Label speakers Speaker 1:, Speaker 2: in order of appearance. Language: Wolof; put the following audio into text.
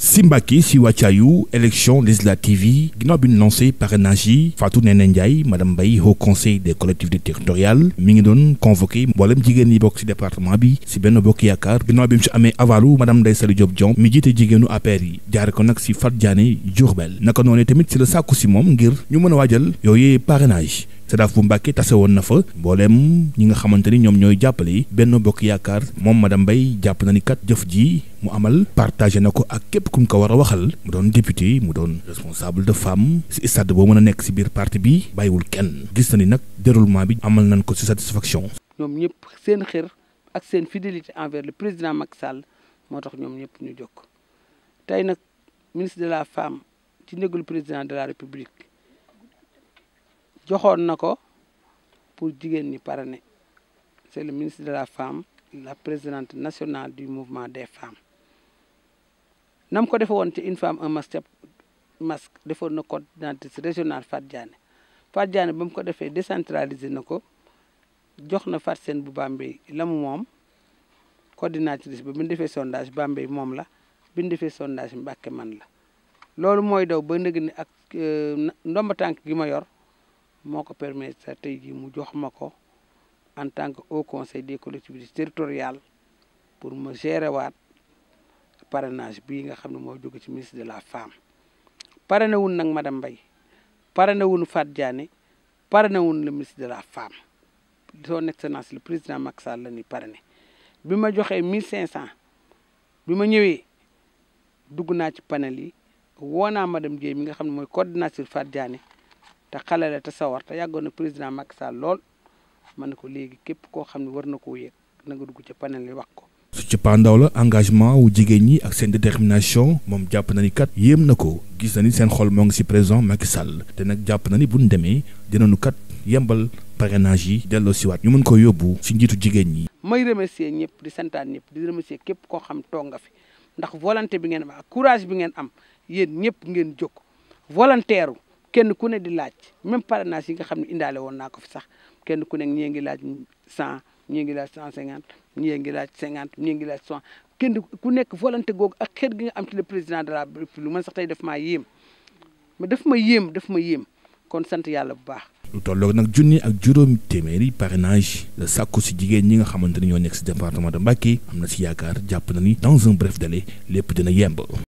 Speaker 1: si Mbacké si wàccaayu élection législative yi ginnaaw bi ñu lancé parrainage yi Fatou Néné Ndiaye madame Mbaye au conseil des collectivités territoriales mi ngi doon convoqué mboolem jigéen yi bokk si département bi si benn bokk yaakaar ginnaaw bi mu ci amee avalu madame Ndeye Saly Diop Diom mi jiite jigéenu APR yi jaare ko nag ci Fatou Diané Diourbel naka noonee tamit ci la sàkku si moom ngir ñu mën a waajal yooyee parrainage Seraf bu Mbàkke tase na fa mbooleem ñi nga xamante ni ñoom ñooy jàppale yi Benno Bokk Yaakaar moom madame Mbaye jàpp na ni kat jëf ji mu amal partagé na ko ak képp ku mu ko war a waxal mu doon député mu doon responsable de femme si stade boo mën a nekk si biir parti bi bàyyiwul kenn gis na ni nag déroulement bi amal nañ ko si satisfaction.
Speaker 2: ñoom ñëpp seen xër ak seen fidélité envers le président Macky Sall moo tax ñoom ñëpp ñu jokk tey nag ministre d la femme joxoon na ko pour jigéen ñi parrainer c'est le ministre de la femme la présidente national du mouvement des femmes nam ko defe woon ci une femme un masque masque defoon na coordinatrice régionale Fatou Diané Fatou Diané ba mu ko defee décentralisé na ko jox na Fatou Sène bu Bambey la mu moom coordinatrice bi bu defee sondage Bambey moom la bi ñu defee sondage Mbàkke man la loolu mooy daw ba nëg ni ak euh, ndomba tànk gi ma yor moo ko permettre sax tey jii mu jox ma ko en tant que haut conseil des collectivités territoriales pour ma gérer waat parrainage bii nga xam ne moo jóge ci ministre de la femme parrainé wun nag madame mbay parrainé wun Fatou Diané parrainé wun le ministre de la femme son excellence le président Macky Sall la ni parrainé bi ma joxee mille cinq cent bi ma ñëwee dugg naa ci panel yi woo naa madame Dieye mi nga xam ne mooy coordinatrice Fatou Diané te xale te sawar te yàggoon na président Macky Sall lool ma ne ko léegi képp koo xam ne war na ko yëg na nga dugg ci panel yi wax ko.
Speaker 1: su ci pandaw la engagement wu jigéen ñi ak seen détermination moom jàpp na ni kat yéem na ko gis na ni seen xol moo ngi ci président Macky Sall te nag jàpp na ni bu ñu demee dinañu kat yembal parenage yi delloo siwaat ñu mën ko yóbbu ci njiitu jigéen ñi.
Speaker 2: may remercier ñëpp di santaat ñëpp di remercier képp koo xam toog nga fi ndax volonté bi ngeen am ak courage bi ngeen am yéen ñëpp ngeen jóg volontaire kenn ku ne di laaj même parrainage yi nga xam ne indaale woon naa ko fi sax kenn ku ne ñii ngi laaj cent ñii ngi laaj cent cinquante ñii ngi laaj cinquante ñii ngi laaj cent kenn ku nekk volonté googu ak xeet gi nga am ci le président de la République man sax tey daf maa yéem mais daf ma yéem daf ma yéem kon sant yàlla
Speaker 1: bu baax. lu tolloog nag junni ak juróomi téeméeri parrainage la sàkku si jigéen ñi nga xamante ni ñoo nekk si département de Mbacké am na si yaakaar jàpp na ni dans un bref délai lépp dina yemb.